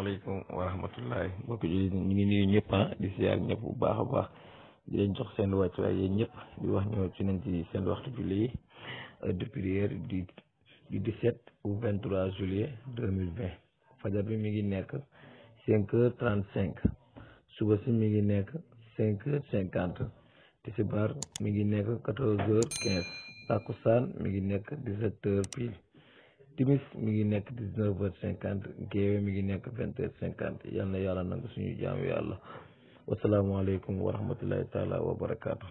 asalaamaaleykum wa rahmatullahi mbokki jullit ñi ngi nuyu ñëpp ah di siyaar ñëpp bu baax a baax di leen jox seen di wax ñoo ci nañ ci seen waxtu julli de prière di du 17 au 23 juillet 2020 fajar bi mi ngi nekk 5 heures 35 suba si mi ngi nekk 5 heures 50 tisbaar mi ngi nekk 14 heures 15 takkusaan mi ngi nekk 17 pile. timis mi ngi nekk dix-neuf cinquante géewe mi ngi nekk vingt heures cinquante yal na yàlla nangu suñu jaamu yàlla wasalaamualeykum wa rahmatullahi taala wa barakaatu.